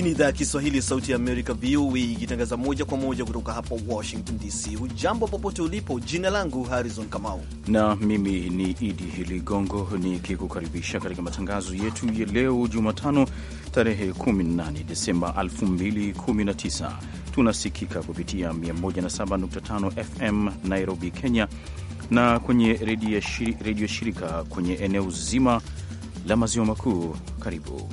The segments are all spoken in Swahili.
Hii ni idhaa ya Kiswahili ya Sauti ya Amerika, VOA, ikitangaza moja kwa moja kutoka hapa Washington DC. Hujambo popote ulipo. Jina langu Harrison Kamau na mimi ni Idi Ligongo nikikukaribisha katika matangazo yetu ya leo Jumatano, tarehe 18 Desemba 2019. Tunasikika kupitia 107.5 FM Nairobi, Kenya, na kwenye redio shirika kwenye eneo zima la maziwa makuu. Karibu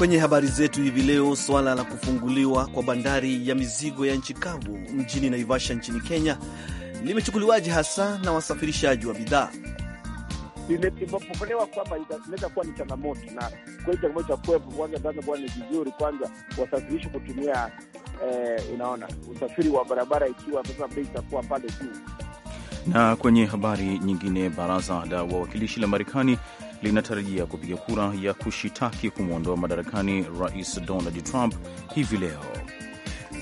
Kwenye habari zetu hivi leo, swala la kufunguliwa kwa bandari ya mizigo ya nchi kavu mjini Naivasha nchini Kenya limechukuliwaje hasa na wasafirishaji wa bidhaa? Imepokelewa kwamba inaweza kuwa ni changamoto, na kweli changamoto cha kuwepo kwanza, tanza kuwa ni vizuri kwanza wasafirishi kutumia eh, unaona usafiri wa barabara, ikiwa sasa bei itakuwa pale juu. Na kwenye habari nyingine, baraza la wawakilishi la Marekani linatarajia kupiga kura ya kushitaki kumwondoa madarakani Rais Donald Trump hivi leo.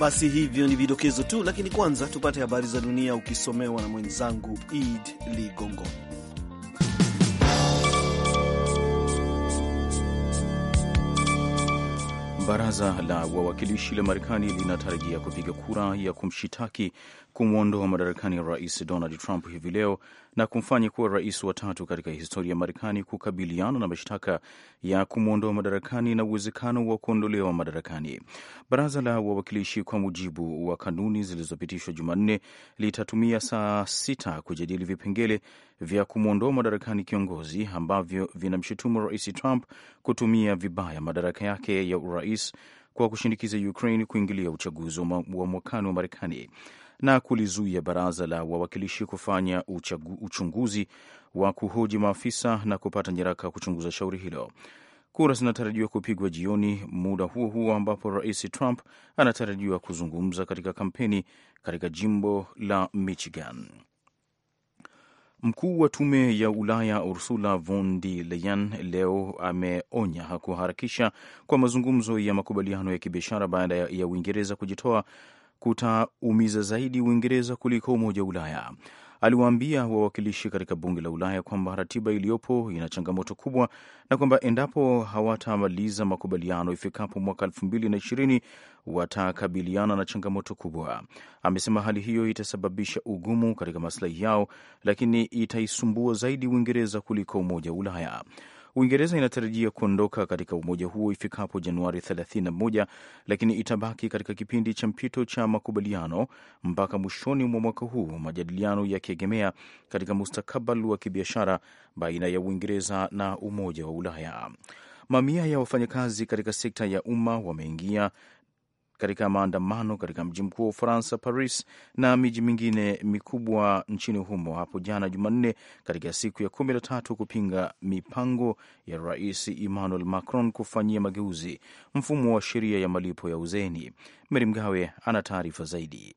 Basi hivyo ni vidokezo tu, lakini kwanza tupate habari za dunia ukisomewa na mwenzangu Id Ligongo. Baraza la wawakilishi la Marekani linatarajia kupiga kura ya kumshitaki kumwondoa madarakani rais Donald Trump hivi leo na kumfanya kuwa rais wa tatu katika historia ya Marekani kukabiliana na mashtaka ya kumwondoa madarakani na uwezekano wa kuondolewa madarakani. Baraza la Wawakilishi, kwa mujibu wa kanuni zilizopitishwa Jumanne, litatumia saa sita kujadili vipengele vya kumwondoa madarakani kiongozi ambavyo vinamshutumu Rais Trump kutumia vibaya madaraka yake ya urais kwa kushinikiza Ukraine kuingilia uchaguzi wa mwakani wa Marekani na kulizuia baraza la wawakilishi kufanya uchagu, uchunguzi wa kuhoji maafisa na kupata nyaraka kuchunguza shauri hilo. Kura zinatarajiwa kupigwa jioni muda huo huo ambapo rais Trump anatarajiwa kuzungumza katika kampeni katika jimbo la Michigan. Mkuu wa tume ya Ulaya Ursula von der Leyen leo ameonya kuharakisha kwa mazungumzo ya makubaliano ya kibiashara baada ya Uingereza kujitoa kutaumiza zaidi Uingereza kuliko Umoja wa Ulaya. Aliwaambia wawakilishi katika bunge la Ulaya kwamba ratiba iliyopo ina changamoto kubwa na kwamba endapo hawatamaliza makubaliano ifikapo mwaka elfu mbili na ishirini watakabiliana na changamoto kubwa. Amesema hali hiyo itasababisha ugumu katika maslahi yao, lakini itaisumbua zaidi Uingereza kuliko umoja wa Ulaya. Uingereza inatarajia kuondoka katika umoja huo ifikapo Januari 31, lakini itabaki katika kipindi cha mpito cha makubaliano mpaka mwishoni mwa mwaka huu, majadiliano yakiegemea katika mustakabali wa kibiashara baina ya Uingereza na Umoja wa Ulaya. Mamia ya wafanyakazi katika sekta ya umma wameingia katika maandamano katika mji mkuu wa Ufaransa, Paris, na miji mingine mikubwa nchini humo hapo jana Jumanne, katika siku ya kumi na tatu kupinga mipango ya Rais Emmanuel Macron kufanyia mageuzi mfumo wa sheria ya malipo ya uzeni. Meri Mgawe ana taarifa zaidi.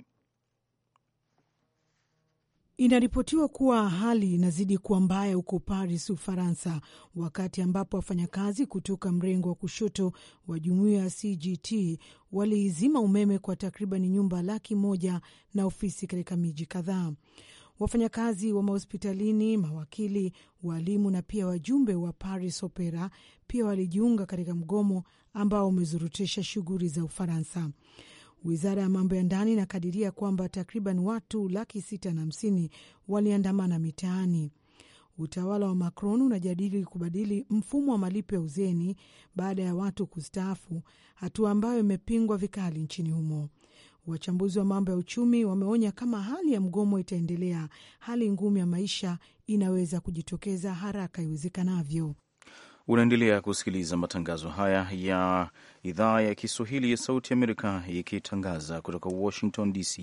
Inaripotiwa kuwa hali inazidi kuwa mbaya huko Paris, Ufaransa, wakati ambapo wafanyakazi kutoka mrengo wa kushoto wa jumuiya ya CGT waliizima umeme kwa takribani nyumba laki moja na ofisi katika miji kadhaa. Wafanyakazi wa mahospitalini, mawakili, walimu na pia wajumbe wa Paris Opera pia walijiunga katika mgomo ambao umezurutisha shughuli za Ufaransa. Wizara ya mambo ya ndani inakadiria kwamba takriban watu laki sita na hamsini waliandamana mitaani. Utawala wa Macron unajadili kubadili mfumo wa malipo ya uzeni baada ya watu kustaafu, hatua ambayo imepingwa vikali nchini humo. Wachambuzi wa mambo ya uchumi wameonya kama hali ya mgomo itaendelea, hali ngumu ya maisha inaweza kujitokeza haraka iwezekanavyo. Unaendelea kusikiliza matangazo haya ya idhaa ya Kiswahili ya Sauti Amerika ikitangaza kutoka Washington DC.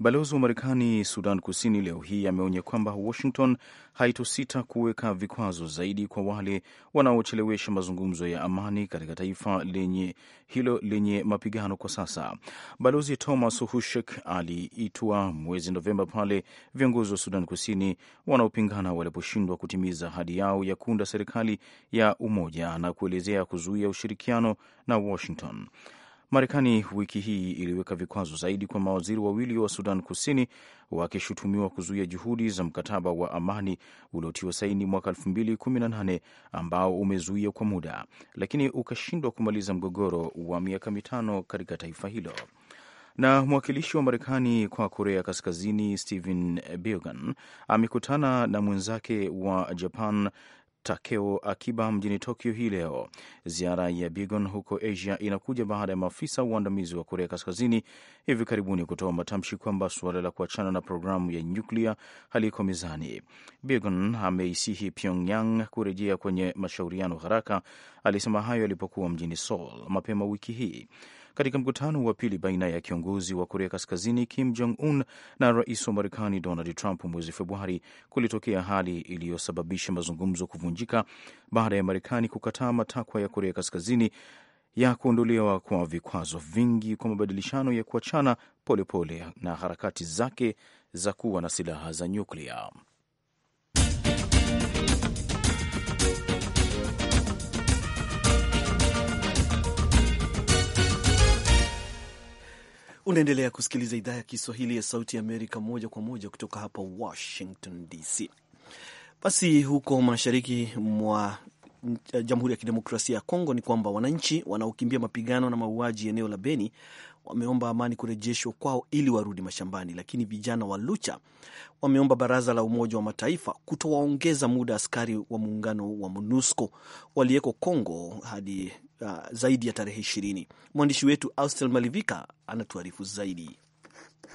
Balozi wa Marekani Sudan Kusini leo hii ameonya kwamba Washington haitosita kuweka vikwazo zaidi kwa wale wanaochelewesha mazungumzo ya amani katika taifa lenye hilo lenye mapigano kwa sasa. Balozi Thomas Hushek aliitwa mwezi Novemba pale viongozi wa Sudan Kusini wanaopingana waliposhindwa kutimiza ahadi yao ya kuunda serikali ya umoja na kuelezea kuzuia ushirikiano na Washington. Marekani wiki hii iliweka vikwazo zaidi kwa mawaziri wawili wa Sudan Kusini wakishutumiwa kuzuia juhudi za mkataba wa amani uliotiwa saini mwaka 2018 ambao umezuia kwa muda, lakini ukashindwa kumaliza mgogoro wa miaka mitano katika taifa hilo. Na mwakilishi wa Marekani kwa Korea Kaskazini Stephen Biegun amekutana na mwenzake wa Japan Takeo Akiba mjini Tokyo hii leo. Ziara ya Bigon huko Asia inakuja baada ya maafisa uandamizi wa Korea Kaskazini hivi karibuni kutoa matamshi kwamba suala la kuachana na programu ya nyuklia haliko mezani. Bigon ameisihi Pyongyang kurejea kwenye mashauriano haraka. Alisema hayo alipokuwa mjini Seoul mapema wiki hii katika mkutano wa pili baina ya kiongozi wa Korea Kaskazini Kim Jong Un na rais wa Marekani Donald Trump mwezi Februari kulitokea hali iliyosababisha mazungumzo kuvunjika baada ya Marekani kukataa matakwa ya Korea Kaskazini ya kuondolewa kwa vikwazo vingi kwa mabadilishano ya kuachana polepole na harakati zake za kuwa na silaha za nyuklia. Unaendelea kusikiliza idhaa ya Kiswahili ya Sauti ya Amerika moja kwa moja kutoka hapa Washington DC. Basi huko mashariki mwa Jamhuri ya Kidemokrasia ya Kongo ni kwamba wananchi wanaokimbia mapigano na mauaji eneo la Beni wameomba amani kurejeshwa kwao ili warudi mashambani, lakini vijana wa Lucha wameomba baraza la Umoja wa Mataifa kutowaongeza muda askari wa muungano wa MONUSCO waliyeko Kongo hadi uh, zaidi ya tarehe ishirini. Mwandishi wetu Austel Malivika anatuarifu zaidi.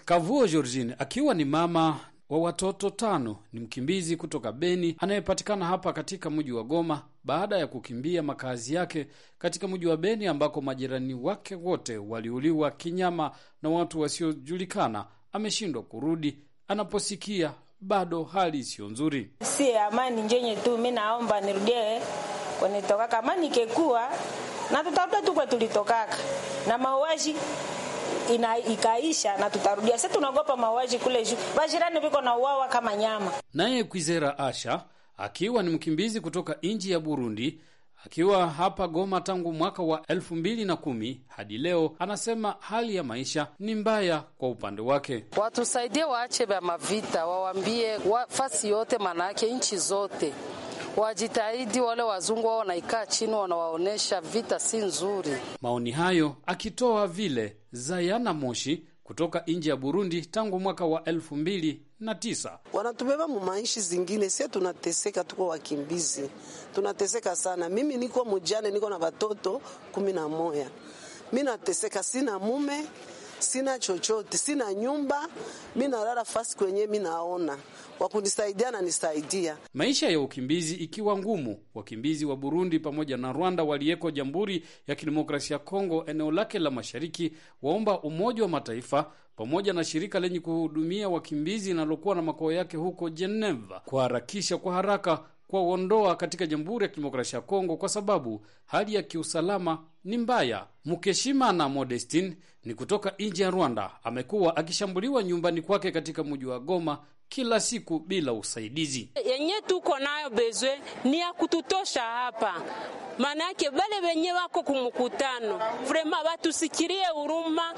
Kavuo Georgine akiwa ni mama wa watoto tano ni mkimbizi kutoka Beni anayepatikana hapa katika mji wa Goma baada ya kukimbia makazi yake katika mji wa Beni ambako majirani wake wote waliuliwa kinyama na watu wasiojulikana. Ameshindwa kurudi anaposikia bado hali isiyo nzuri. Si amani njenye tu, mi naomba nirudie kwenitokaka amani ikekuwa na tutarudia tu kwa tulitokaka na mauaji ina, ikaisha na tutarudia. Sisi tunaogopa mauaji kule juu, bajirani viko na uwawa kama nyama. Naye Kwizera Asha akiwa ni mkimbizi kutoka nchi ya Burundi akiwa hapa Goma tangu mwaka wa elfu mbili na kumi hadi leo, anasema hali ya maisha ni mbaya kwa upande wake. Watusaidie waache vya mavita, wawambie wa fasi yote, manake nchi zote wajitahidi, wale wazungu wao wanaikaa chini, wanawaonyesha vita si nzuri. Maoni hayo akitoa vile Zayana Moshi kutoka nje ya Burundi tangu mwaka wa elfu mbili na tisa. Wanatubeba mumaishi zingine, sie tunateseka, tuko wakimbizi, tunateseka sana. Mimi niko mujane, niko na watoto kumi na moya, mi nateseka, sina mume sina chochote, sina nyumba, mi nalala fasi kwenye mi naona wakunisaidia na nisaidia. Maisha ya ukimbizi ikiwa ngumu, wakimbizi wa Burundi pamoja na Rwanda waliyeko Jamhuri ya Kidemokrasia ya Kongo eneo lake la mashariki waomba Umoja wa Mataifa pamoja na shirika lenye kuhudumia wakimbizi linalokuwa na makao yake huko Geneva kuharakisha kwa haraka kuwaondoa katika Jamhuri ya Kidemokrasia ya Kongo kwa sababu hali ya kiusalama ni mbaya. Mukeshimana Modestin ni kutoka nchi ya Rwanda, amekuwa akishambuliwa nyumbani kwake katika mji wa Goma kila siku bila usaidizi. Yenye tuko nayo bezwe ni ya kututosha hapa, yake bale wenye wako kumukutano vrema batusikirie huruma,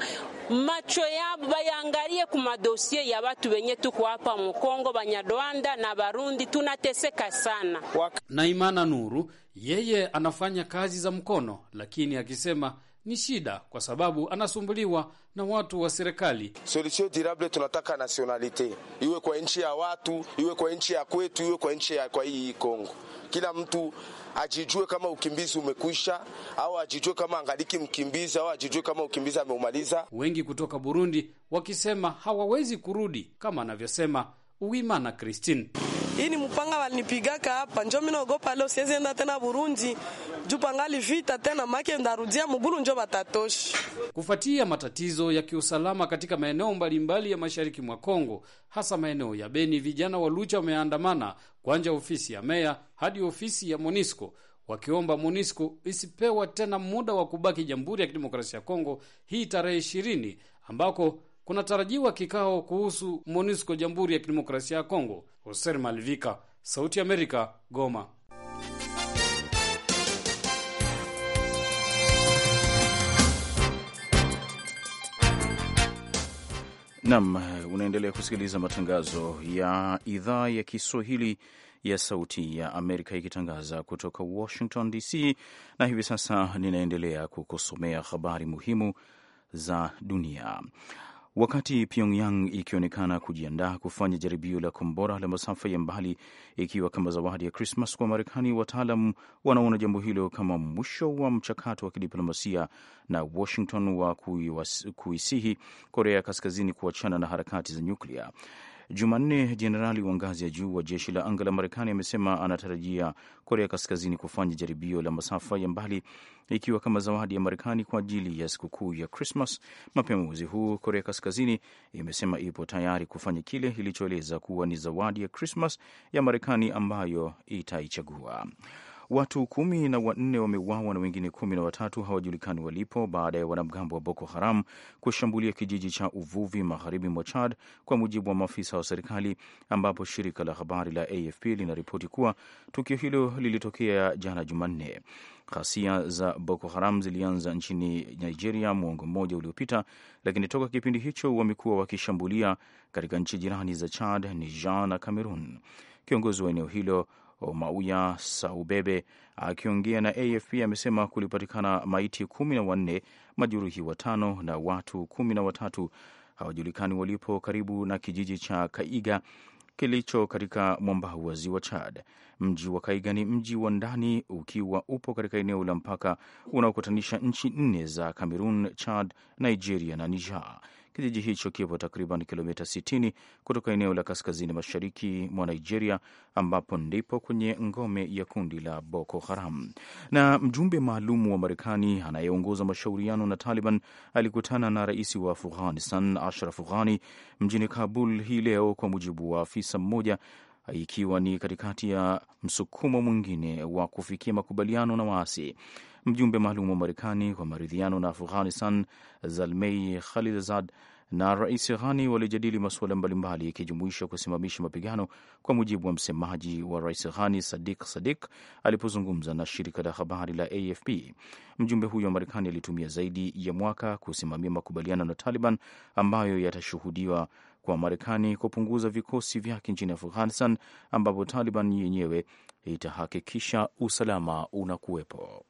macho yabo bayangalie kumadosie ya watu wenye tuko hapa Mukongo, Banyarwanda na Barundi tunateseka sana. Na Imana Nuru yeye anafanya kazi za mkono, lakini akisema ni shida kwa sababu anasumbuliwa na watu wa serikali. Solution durable tunataka nationalite iwe kwa nchi ya watu, iwe kwa nchi ya kwetu, iwe kwa nchi ya kwa hii Kongo. Kila mtu ajijue kama ukimbizi umekwisha au ajijue kama angaliki mkimbizi au ajijue kama ukimbizi ameumaliza. Wengi kutoka Burundi wakisema hawawezi kurudi, kama anavyosema Uwimana Christine. Hii ni mpanga walinipigaka hapa, njo minaogopa leo siwezi enda tena Burundi jupangali vita tena make ndarudia muguru njo batatoshi. Kufuatia matatizo ya kiusalama katika maeneo mbalimbali ya mashariki mwa Kongo, hasa maeneo ya Beni, vijana wa Lucha wameandamana kuanja ofisi ya meya hadi ofisi ya Monisco wakiomba Monisco isipewa tena muda wa kubaki Jamhuri ya Kidemokrasia ya Kongo hii tarehe ishirini ambako kunatarajiwa kikao kuhusu Monisco Jamhuri ya Kidemokrasia ya Kongo. Hoser Malvika, Sauti ya Amerika, Goma. Nam, eh, unaendelea kusikiliza matangazo ya idhaa ya Kiswahili ya Sauti ya Amerika ikitangaza kutoka Washington DC, na hivi sasa ninaendelea kukusomea habari muhimu za dunia. Wakati Pyongyang ikionekana kujiandaa kufanya jaribio la kombora la masafa ya mbali ikiwa kama zawadi ya Krismas kwa Marekani, wataalam wanaona jambo hilo kama mwisho wa mchakato wa kidiplomasia na Washington wa kuisihi Korea Kaskazini kuachana na harakati za nyuklia. Jumanne, jenerali wa ngazi ya juu wa jeshi la anga la Marekani amesema anatarajia Korea Kaskazini kufanya jaribio la masafa ya mbali ikiwa kama zawadi ya Marekani kwa ajili ya sikukuu ya Krismas. Mapema mwezi huu, Korea Kaskazini imesema ipo tayari kufanya kile ilichoeleza kuwa ni zawadi ya Krismas ya Marekani ambayo itaichagua. Watu kumi na wanne wameuawa na wengine kumi na watatu hawajulikani walipo baada ya wanamgambo wa Boko Haram kushambulia kijiji cha uvuvi magharibi mwa Chad, kwa mujibu wa maafisa wa serikali, ambapo shirika la habari la AFP linaripoti kuwa tukio hilo lilitokea jana Jumanne. Ghasia za Boko Haram zilianza nchini Nigeria mwongo mmoja uliopita, lakini toka kipindi hicho wamekuwa wakishambulia katika nchi jirani za Chad, Niger na Cameroon. Kiongozi wa eneo hilo omauya Saubebe akiongea na AFP amesema kulipatikana maiti kumi na wanne, majeruhi watano na watu kumi na watatu hawajulikani walipo karibu na kijiji cha Kaiga kilicho katika mwambao wa ziwa Chad. Mji wa Kaiga ni mji wa ndani ukiwa upo katika eneo la mpaka unaokutanisha nchi nne za Cameroon, Chad, Nigeria na Niger. Kijiji hicho kipo takriban kilomita 60 kutoka eneo la kaskazini mashariki mwa Nigeria, ambapo ndipo kwenye ngome ya kundi la Boko Haram. Na mjumbe maalum wa Marekani anayeongoza mashauriano na Taliban alikutana na rais wa Afghanistan Ashraf Ghani mjini Kabul hii leo, kwa mujibu wa afisa mmoja ikiwa ni katikati ya msukumo mwingine wa kufikia makubaliano na waasi. Mjumbe maalum wa Marekani kwa maridhiano na Afghanistan, Zalmei Khalilzad na Rais Ghani walijadili masuala mbalimbali ikijumuisha kusimamisha mapigano, kwa mujibu wa msemaji wa Rais Ghani Sadik Sadik alipozungumza na shirika la habari la AFP. Mjumbe huyo wa Marekani alitumia zaidi ya mwaka kusimamia makubaliano na Taliban ambayo yatashuhudiwa kwa Marekani kupunguza vikosi vyake nchini Afghanistan, ambapo Taliban yenyewe itahakikisha usalama unakuwepo.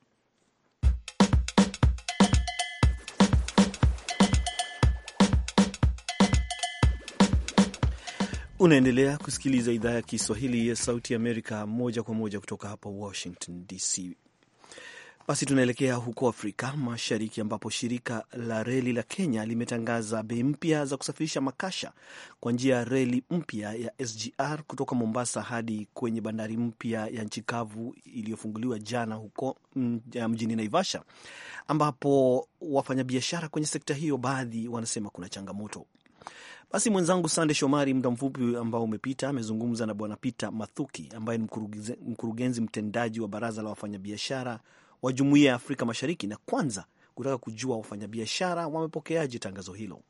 Unaendelea kusikiliza idhaa ya Kiswahili ya Sauti ya Amerika moja kwa moja kutoka hapa Washington DC. Basi tunaelekea huko Afrika Mashariki, ambapo shirika la reli la Kenya limetangaza bei mpya za kusafirisha makasha kwa njia ya reli mpya ya SGR kutoka Mombasa hadi kwenye bandari mpya ya nchi kavu iliyofunguliwa jana huko mm, mjini Naivasha, ambapo wafanyabiashara kwenye sekta hiyo baadhi wanasema kuna changamoto. Basi mwenzangu Sande Shomari muda mfupi ambao umepita amezungumza na Bwana Peter Mathuki ambaye ni mkurugenzi mtendaji wa baraza la wafanyabiashara wa Jumuiya ya Afrika Mashariki, na kwanza kutaka kujua wafanyabiashara wamepokeaje tangazo hilo.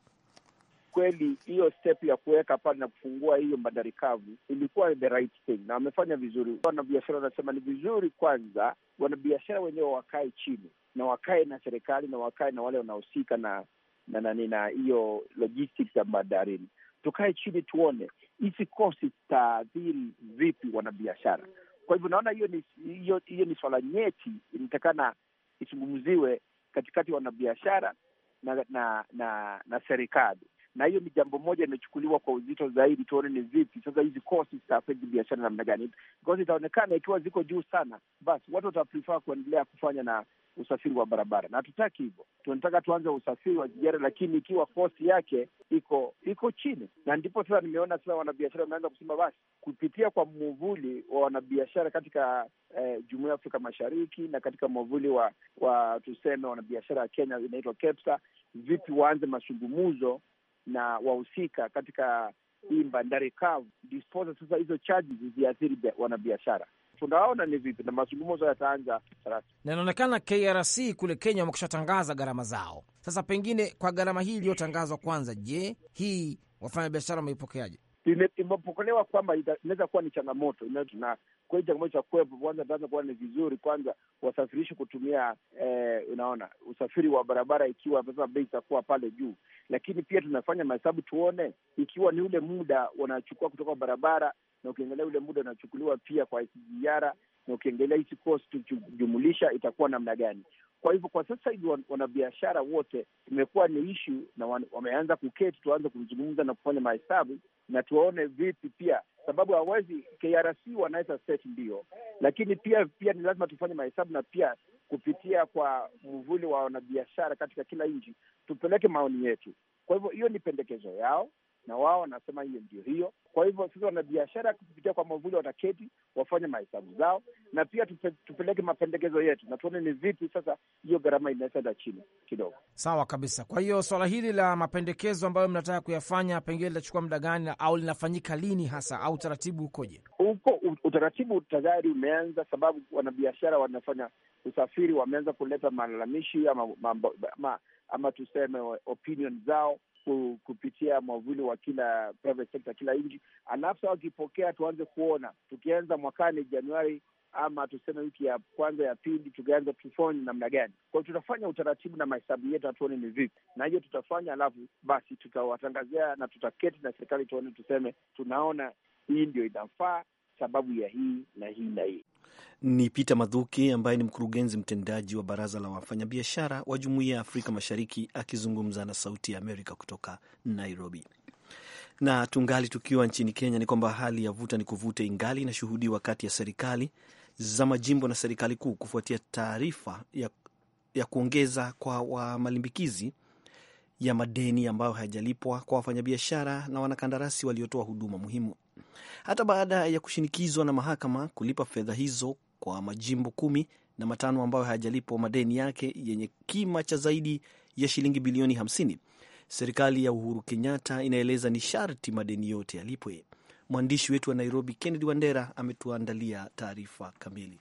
Kweli hiyo step ya kuweka pale na kufungua hiyo bandari kavu ilikuwa the right thing, na wamefanya vizuri. Wanabiashara wanasema ni vizuri kwanza wanabiashara wenyewe wakae chini na wakae na serikali na wakae na wale wanaohusika na na nani na hiyo logistics ya bandarini, tukae chini tuone hizi kosi zitaathiri vipi wanabiashara. Kwa hivyo naona hiyo ni hiyo, hiyo ni swala nyeti, inatakana izungumziwe katikati ya wanabiashara na na na, na serikali, na hiyo ni jambo moja imechukuliwa kwa uzito zaidi. Tuone ni vipi sasa hizi kosi zitaaffect biashara namna gani, because itaonekana ikiwa ziko juu sana, basi watu wataprefer kuendelea kufanya na usafiri wa barabara, na hatutaki hivyo. Tunataka tuanze usafiri wa kijara, lakini ikiwa kosti yake iko iko chini, na ndipo sasa nimeona sasa wanabiashara wameanza kusema basi kupitia kwa mwuvuli wa wanabiashara katika eh, jumuiya ya Afrika Mashariki na katika mwavuli wa, wa tuseme wanabiashara wa Kenya inaitwa KEPSA, vipi waanze mazungumuzo na wahusika katika hii bandari kavu, ndiposa sasa hizo chaji ziathiri wanabiashara tunaona ni vipi na mazungumzo yataanza rasmi, na inaonekana KRC kule Kenya wamekishatangaza gharama zao. Sasa pengine kwa gharama hii iliyotangazwa kwanza, je, hii wafanya biashara wameipokeaje? Imepokelewa kwamba inaweza kuwa ni changamoto na kwa hiyo changamoto cha kuwepo kwanza, taanza kuwa ni vizuri kwanza wasafirishi kutumia eh, unaona usafiri wa barabara, ikiwa sasa bei itakuwa pale juu, lakini pia tunafanya mahesabu tuone ikiwa ni ule muda wanachukua kutoka barabara na ukiangalia ule muda unachukuliwa pia kwa ziara na ukiangalia hizi cost ukijumulisha itakuwa namna gani. Kwa hivyo kwa sasa hivi wanabiashara wote imekuwa ni ishu, na wameanza kuketi, tuanze kuzungumza na kufanya mahesabu na tuwaone vipi pia, sababu hawezi KRC wanaweza set ndio, lakini pia pia ni lazima tufanye mahesabu na pia kupitia kwa mvuli wa wanabiashara katika kila nchi tupeleke maoni yetu. Kwa hivyo hiyo ni pendekezo yao, na wao wanasema hiyo ndio hiyo. Kwa hivyo sasa wanabiashara kupitia kwa mwavuli wataketi wafanye mahesabu zao, na pia tupe, tupeleke mapendekezo yetu na tuone ni vipi sasa hiyo gharama inaenda chini kidogo. Sawa kabisa. Kwa hiyo swala hili la mapendekezo ambayo mnataka kuyafanya pengine litachukua muda gani au linafanyika lini hasa, au utaratibu ukoje? Huko utaratibu tayari umeanza, sababu wanabiashara wanafanya usafiri, wameanza kuleta malalamishi ama, ama, ama, ama tuseme opinion zao kupitia mwavuli wa kila private sector kila nchi, alafu sa wakipokea, tuanze kuona tukianza mwakani Januari ama tuseme wiki ya kwanza ya pili, tukianza tufanye namna gani? Kwa hiyo tutafanya utaratibu na mahesabu yetu, hatuone ni vipi, na hiyo tutafanya, alafu basi tutawatangazia na tutaketi na serikali tuone, tuseme tunaona hii ndio inafaa sababu ya hii na hii na hii. Ni Peter madhuki ambaye ni mkurugenzi mtendaji wa baraza la wafanyabiashara wa jumuiya ya Afrika Mashariki akizungumza na Sauti ya Amerika kutoka Nairobi. Na tungali tukiwa nchini Kenya, ni kwamba hali ya vuta ni kuvute ingali inashuhudiwa kati ya serikali za majimbo na serikali kuu kufuatia taarifa ya, ya kuongeza kwa wa malimbikizi ya madeni ambayo hayajalipwa kwa wafanyabiashara na wanakandarasi waliotoa huduma muhimu hata baada ya kushinikizwa na mahakama kulipa fedha hizo kwa majimbo kumi na matano ambayo hayajalipwa madeni yake yenye kima cha zaidi ya shilingi bilioni 50. Serikali ya Uhuru Kenyatta inaeleza ni sharti madeni yote yalipwe. Mwandishi wetu wa Nairobi, Kennedy Wandera, ametuandalia taarifa kamili.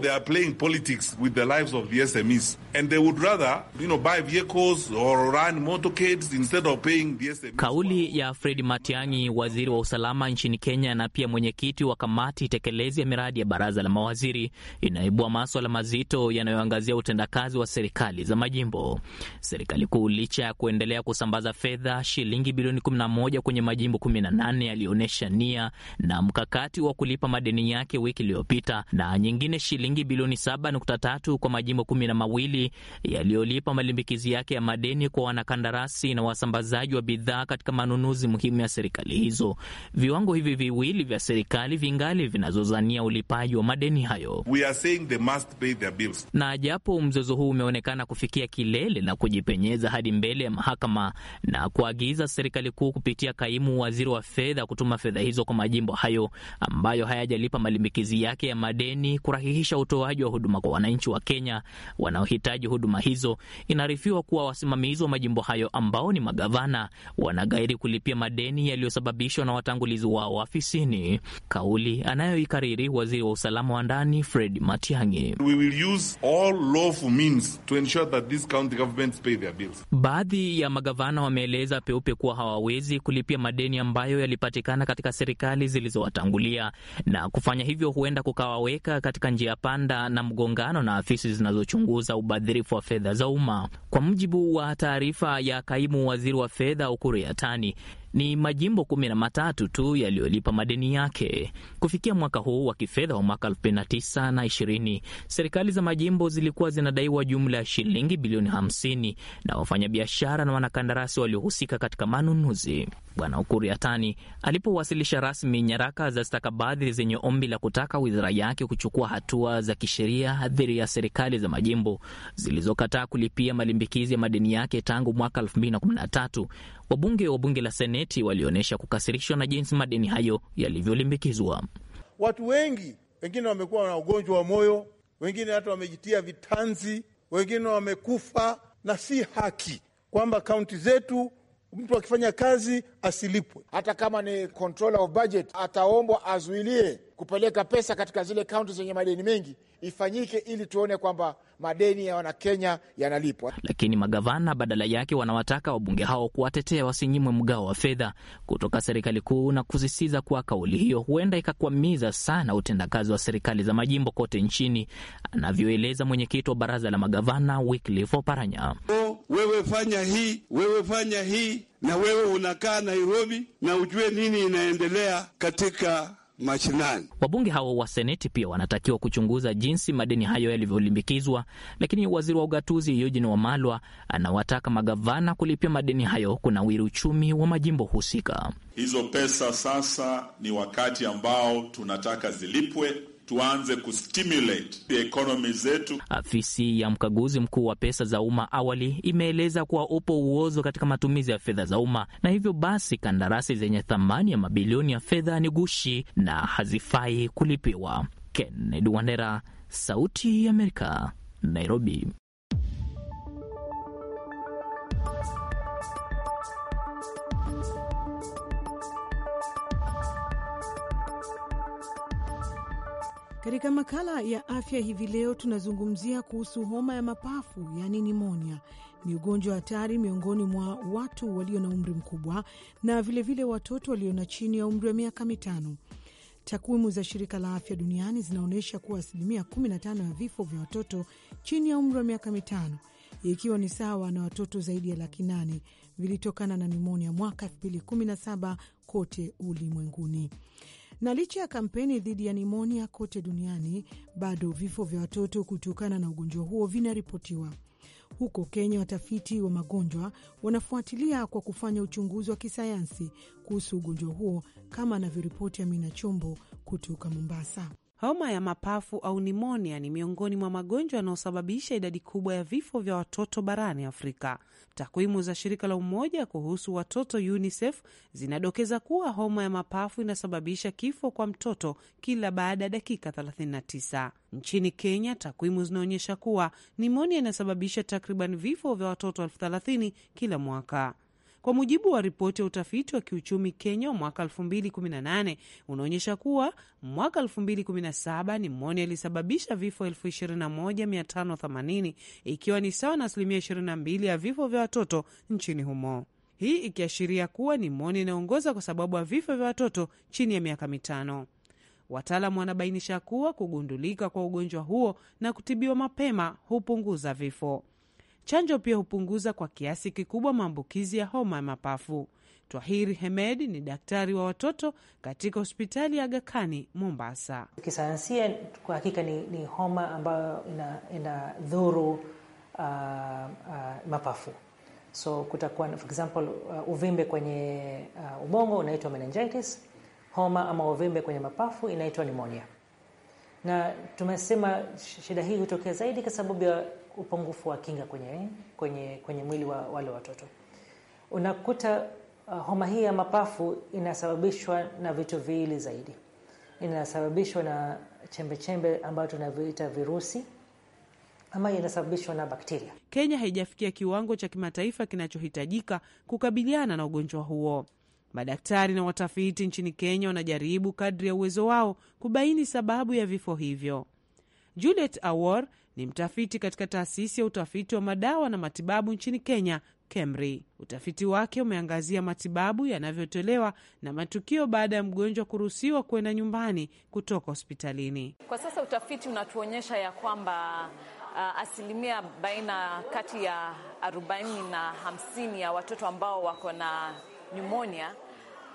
They are playing politics with the lives of the SMEs. And they would rather, you know, buy vehicles or run motorcades instead of paying the SMEs. Kauli ya Fred Matiang'i, waziri wa usalama nchini Kenya na pia mwenyekiti wa kamati tekelezi ya miradi ya baraza la mawaziri, inaibua maswala mazito yanayoangazia utendakazi wa serikali za majimbo. Serikali kuu licha ya kuendelea kusambaza fedha shilingi bilioni 11 kwenye majimbo 18 yaliyoonyesha nia na mkakati wa kulipa madeni yake wiki iliyopita na nyingine shilingi shilingi bilioni 7.3 kwa majimbo kumi na mawili yaliyolipa malimbikizi yake ya madeni kwa wanakandarasi na wasambazaji wa bidhaa katika manunuzi muhimu ya serikali hizo. Viwango hivi viwili vya serikali vingali vinazozania ulipaji wa madeni hayo. We are saying they must pay their bills. Na japo mzozo huu umeonekana kufikia kilele na kujipenyeza hadi mbele ya mahakama na kuagiza serikali kuu kupitia kaimu waziri wa fedha kutuma fedha hizo kwa majimbo hayo ambayo hayajalipa malimbikizi yake ya madeni kurahihisha utoaji wa huduma kwa wananchi wa Kenya wanaohitaji huduma hizo. Inaarifiwa kuwa wasimamizi wa majimbo hayo ambao ni magavana wanagairi kulipia madeni yaliyosababishwa na watangulizi wao afisini, kauli anayoikariri waziri wa usalama wa ndani Fred Matiang'i. Baadhi ya magavana wameeleza peupe kuwa hawawezi kulipia madeni ambayo yalipatikana katika serikali zilizowatangulia na kufanya hivyo huenda kukawaweka katika njia kupanda na mgongano na afisi zinazochunguza ubadhirifu wa fedha za umma. Kwa mujibu wa taarifa ya kaimu waziri wa fedha Ukur Yatani, ni majimbo kumi na matatu tu yaliyolipa madeni yake kufikia mwaka huu wa kifedha wa mwaka 2019 na 20. Serikali za majimbo zilikuwa zinadaiwa jumla ya shilingi bilioni 50 na wafanyabiashara na wanakandarasi waliohusika katika manunuzi. Bwana Ukuriatani alipowasilisha rasmi nyaraka za stakabadhi zenye ombi la kutaka wizara yake kuchukua hatua za kisheria dhidi ya serikali za majimbo zilizokataa kulipia malimbikizi ya madeni yake tangu mwaka 2013, wabunge wa bunge la Seneti intaneti walionyesha kukasirishwa na jinsi madeni hayo yalivyolimbikizwa. Watu wengi wengine wamekuwa na ugonjwa wa moyo, wengine hata wamejitia vitanzi, wengine wamekufa, na si haki kwamba kaunti zetu mtu akifanya kazi asilipwe. Hata kama ni controller of budget ataombwa azuilie kupeleka pesa katika zile kaunti zenye madeni mengi ifanyike ili tuone kwamba madeni ya Wanakenya yanalipwa. Lakini magavana badala yake wanawataka wabunge hao kuwatetea wasinyimwe mgao wa fedha kutoka serikali kuu na kusisitiza kuwa kauli hiyo huenda ikakwamiza sana utendakazi wa serikali za majimbo kote nchini, anavyoeleza mwenyekiti wa baraza la magavana Wycliffe Oparanya. wewe fanya hii, wewe fanya hii, na wewe unakaa Nairobi na ujue nini inaendelea katika mashinani. Wabunge hao wa Seneti pia wanatakiwa kuchunguza jinsi madeni hayo yalivyolimbikizwa, lakini waziri wa ugatuzi Eugene Wamalwa anawataka magavana kulipia madeni hayo kunawiri uchumi wa majimbo husika. Hizo pesa sasa ni wakati ambao tunataka zilipwe tuanze kustimulate the economy zetu. Afisi ya mkaguzi mkuu wa pesa za umma awali imeeleza kuwa upo uozo katika matumizi ya fedha za umma, na hivyo basi kandarasi zenye thamani ya mabilioni ya fedha ni gushi na hazifai kulipiwa. Kennedy Wandera, Sauti ya Amerika, Nairobi. Katika makala ya afya hivi leo tunazungumzia kuhusu homa ya mapafu, yaani nimonia. Ni ugonjwa hatari miongoni mwa watu walio na umri mkubwa na vilevile vile watoto walio na chini ya umri wa miaka mitano. Takwimu za shirika la afya duniani zinaonyesha kuwa asilimia 15 ya vifo vya watoto chini ya umri wa miaka mitano, ikiwa ni sawa na watoto zaidi ya laki nane vilitokana na nimonia mwaka 2017 kote ulimwenguni. Na licha ya kampeni dhidi ya nimonia kote duniani, bado vifo vya watoto kutokana na ugonjwa huo vinaripotiwa. Huko Kenya, watafiti wa magonjwa wanafuatilia kwa kufanya uchunguzi wa kisayansi kuhusu ugonjwa huo, kama anavyoripoti Amina Chombo kutoka Mombasa. Homa ya mapafu au nimonia ni miongoni mwa magonjwa yanayosababisha idadi kubwa ya vifo vya watoto barani Afrika. Takwimu za shirika la Umoja kuhusu watoto UNICEF zinadokeza kuwa homa ya mapafu inasababisha kifo kwa mtoto kila baada ya dakika 39. Nchini Kenya, takwimu zinaonyesha kuwa nimonia inasababisha takriban vifo vya watoto elfu thelathini kila mwaka. Kwa mujibu wa ripoti ya utafiti wa kiuchumi Kenya wa mwaka 2018 unaonyesha kuwa mwaka 2017 nimonia ilisababisha vifo 21580 ikiwa ni sawa na asilimia 22 ya vifo vya watoto nchini humo, hii ikiashiria kuwa nimonia inaongoza kwa sababu ya vifo vya watoto chini ya miaka mitano. Wataalamu wanabainisha kuwa kugundulika kwa ugonjwa huo na kutibiwa mapema hupunguza vifo. Chanjo pia hupunguza kwa kiasi kikubwa maambukizi ya homa ya mapafu. Twahiri Hemedi ni daktari wa watoto katika hospitali ya gakani Mombasa. Kisayansia kwa hakika ni, ni homa ambayo inadhuru ina uh, uh, mapafu so kutakuwa for example uh, uvimbe kwenye uh, ubongo unaitwa meningitis. Homa ama uvimbe kwenye mapafu inaitwa pneumonia, na tumesema shida hii hutokea zaidi kwa sababu ya upungufu wa kinga kwenye, kwenye, kwenye mwili wa wale watoto. Unakuta uh, homa hii ya mapafu inasababishwa na vitu viwili zaidi. Inasababishwa na chembechembe ambayo tunavyoita virusi ama inasababishwa na bakteria. Kenya haijafikia kiwango cha kimataifa kinachohitajika kukabiliana na ugonjwa huo. Madaktari na watafiti nchini Kenya wanajaribu kadri ya uwezo wao kubaini sababu ya vifo hivyo. Juliet Awor ni mtafiti katika taasisi ya utafiti wa madawa na matibabu nchini Kenya, KEMRI. Utafiti wake umeangazia matibabu yanavyotolewa na matukio baada ya mgonjwa kuruhusiwa kwenda nyumbani kutoka hospitalini. Kwa sasa utafiti unatuonyesha ya kwamba uh, asilimia baina kati ya 40 na 50 ya watoto ambao wako na nyumonia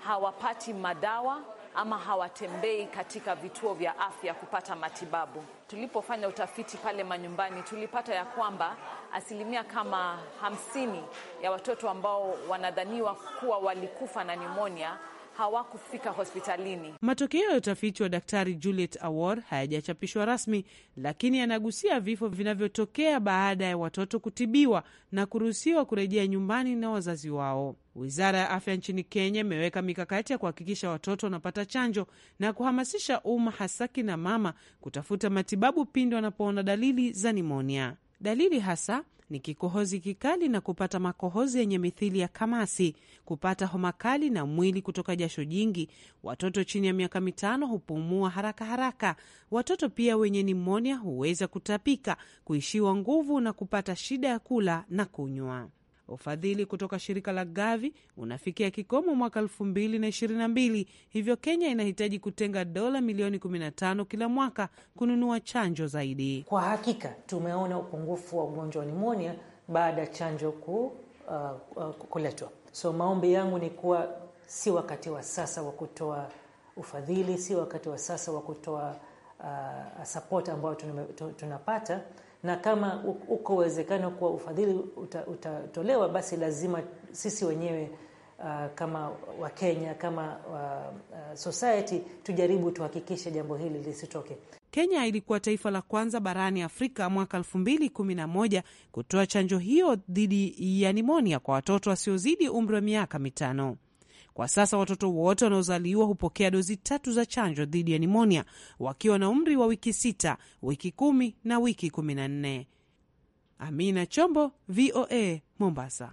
hawapati madawa ama hawatembei katika vituo vya afya kupata matibabu. Tulipofanya utafiti pale manyumbani, tulipata ya kwamba asilimia kama hamsini ya watoto ambao wanadhaniwa kuwa walikufa na nimonia hawakufika hospitalini. Matokeo ya utafiti wa Daktari Juliet Award hayajachapishwa rasmi, lakini yanagusia vifo vinavyotokea baada ya watoto kutibiwa na kuruhusiwa kurejea nyumbani na wazazi wao. Wizara ya afya nchini Kenya imeweka mikakati ya kuhakikisha watoto wanapata chanjo na kuhamasisha umma, hasa kina mama, kutafuta matibabu pindi wanapoona dalili za nimonia. Dalili hasa ni kikohozi kikali na kupata makohozi yenye mithili ya kamasi, kupata homa kali na mwili kutoka jasho jingi. Watoto chini ya miaka mitano hupumua haraka haraka. Watoto pia wenye nimonia huweza kutapika, kuishiwa nguvu na kupata shida ya kula na kunywa. Ufadhili kutoka shirika la Gavi unafikia kikomo mwaka elfu2l na mbili, hivyo Kenya inahitaji kutenga dola milioni 15 kila mwaka kununua chanjo zaidi. Kwa hakika tumeona upungufu wa ugonjwa wa nimonia baada ya chanjo ku, uh, uh, kuletwa. So maombi yangu ni kuwa si wakati wa sasa wa kutoa ufadhili, si wakati wa sasa wa kutoa uh, support ambayo tunapata na kama uko uwezekano kuwa ufadhili utatolewa uta, basi lazima sisi wenyewe uh, kama Wakenya kama uh, society tujaribu tuhakikishe jambo hili lisitoke. Kenya ilikuwa taifa la kwanza barani Afrika mwaka 2011 kutoa chanjo hiyo dhidi ya nimonia kwa watoto wasiozidi umri wa miaka mitano. Kwa sasa watoto wote wanaozaliwa hupokea dozi tatu za chanjo dhidi ya nimonia wakiwa na umri wa wiki sita, wiki kumi na wiki kumi na nne. Amina Chombo, VOA, Mombasa.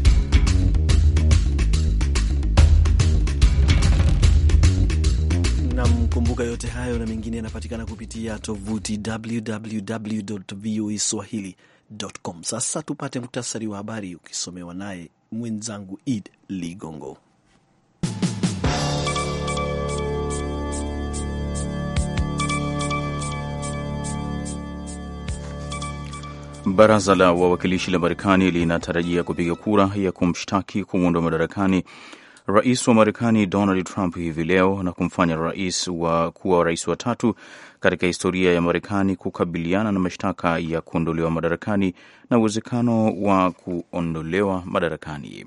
Nam, kumbuka yote hayo na mengine yanapatikana kupitia tovuti www.voaswahili.com. Sasa tupate muktasari wa habari ukisomewa naye mwenzangu Id Ligongo. Baraza la wawakilishi la Marekani linatarajia kupiga kura ya kumshtaki kumwondoa madarakani rais wa Marekani Donald Trump hivi leo na kumfanya rais wa kuwa rais wa tatu katika historia ya Marekani kukabiliana na mashtaka ya kuondolewa madarakani na uwezekano wa kuondolewa madarakani.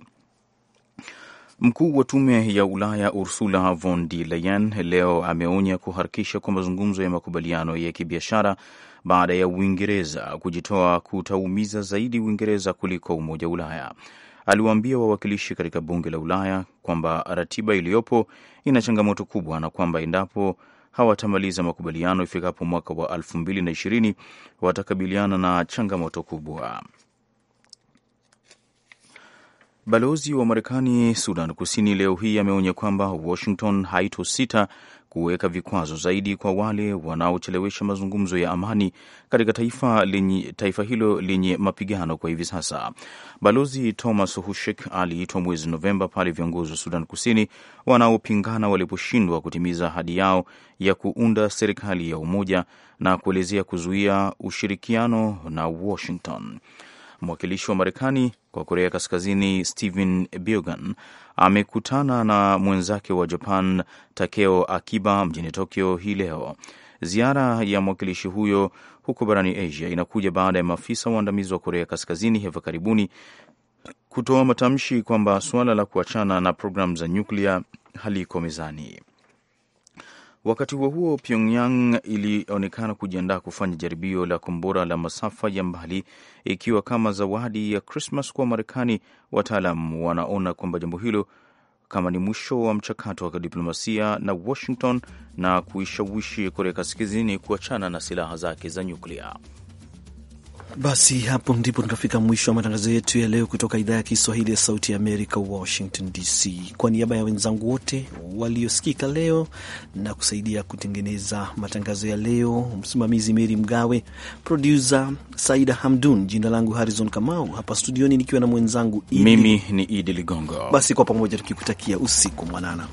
Mkuu wa tume ya Ulaya Ursula von der Leyen leo ameonya kuharakisha kwa mazungumzo ya makubaliano ya kibiashara baada ya Uingereza kujitoa kutaumiza zaidi Uingereza kuliko Umoja wa Ulaya aliwaambia wawakilishi katika bunge la Ulaya kwamba ratiba iliyopo ina changamoto kubwa na kwamba endapo hawatamaliza makubaliano ifikapo mwaka wa 2020 watakabiliana na changamoto kubwa. Balozi wa Marekani Sudan Kusini leo hii ameonya kwamba Washington haitosita kuweka vikwazo zaidi kwa wale wanaochelewesha mazungumzo ya amani katika taifa, lenye, taifa hilo lenye mapigano kwa hivi sasa. Balozi Thomas Hushek aliitwa mwezi Novemba pale viongozi wa Sudan Kusini wanaopingana waliposhindwa kutimiza ahadi yao ya kuunda serikali ya umoja na kuelezea kuzuia ushirikiano na Washington mwakilishi wa Marekani kwa Korea Kaskazini Stephen Biogan amekutana na mwenzake wa Japan Takeo Akiba mjini Tokyo hii leo. Ziara ya mwakilishi huyo huko barani Asia inakuja baada ya maafisa waandamizi wa Korea Kaskazini hivi karibuni kutoa matamshi kwamba suala la kuachana na programu za nyuklia haliko mezani. Wakati huo huo, Pyongyang ilionekana kujiandaa kufanya jaribio la kombora la masafa ya mbali ikiwa kama zawadi ya Krismas kwa Marekani. Wataalam wanaona kwamba jambo hilo kama ni mwisho wa mchakato wa kidiplomasia na Washington na kuishawishi Korea Kaskazini kuachana na silaha zake za nyuklia. Basi hapo ndipo tunafika mwisho wa matangazo yetu ya leo kutoka idhaa ya Kiswahili ya Sauti ya Amerika, Washington DC. Kwa niaba ya wenzangu wote waliosikika leo na kusaidia kutengeneza matangazo ya leo, msimamizi Meri Mgawe, produsa Saida Hamdun, jina langu Harrison Kamau, hapa studioni nikiwa na mwenzangu Mimi ni Idi Ligongo. Basi kwa pamoja tukikutakia usiku mwanana.